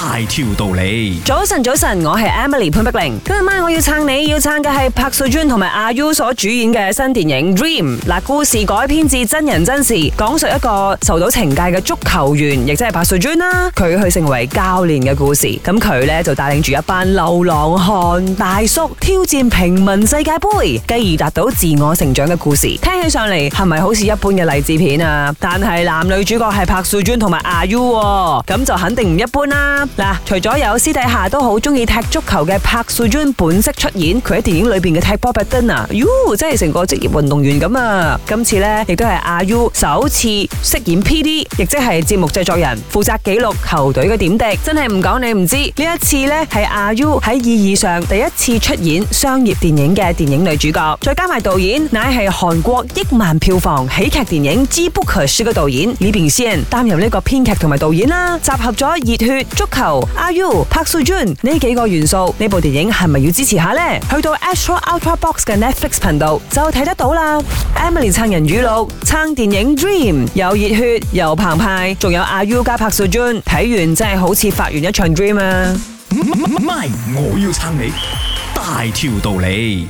大條道理，早晨早晨，我係 Emily 潘碧玲。今晚我要撐你，要撐嘅係朴敘俊同埋 IU 所主演嘅新電影《Dream》。嗱，故事改編自真人真事，講述一個受到懲戒嘅足球員，亦即係朴敘俊啦、啊，佢去成為教練嘅故事。咁佢咧就帶領住一班流浪漢大叔挑戰平民世界杯，繼而達到自我成長嘅故事。聽起上嚟係咪好似一般嘅勵志片啊？但係男女主角係朴敘俊同埋 IU，咁就肯定唔一般啦、啊。嗱，除咗有私底下都好中意踢足球嘅柏素俊本色出演，佢喺電影裏邊嘅踢波伯 n 啊，喲，真係成個職業運動員咁啊！今次咧亦都係阿 U 首次飾演 PD，亦即係節目製作人，負責記錄球隊嘅點滴。真係唔講你唔知，呢一次咧係阿 U 喺意義上第一次出演商業電影嘅電影女主角，再加埋導演乃係韓國億萬票房喜劇電影《b o booker 書嘅導演李炳先擔任呢個編劇同埋導演啦，集合咗熱血足球。球、阿 U、朴敘俊呢幾個元素，呢部電影係咪要支持一下呢？去到 Astro Ultra Box 嘅 Netflix 頻道就睇得到啦。Emily 撐人語錄，撐電影 Dream，又熱血又澎湃，仲有阿 U 加朴敘俊，睇完真係好似發完一場 Dream 啊！My，我要撐你，大條道理。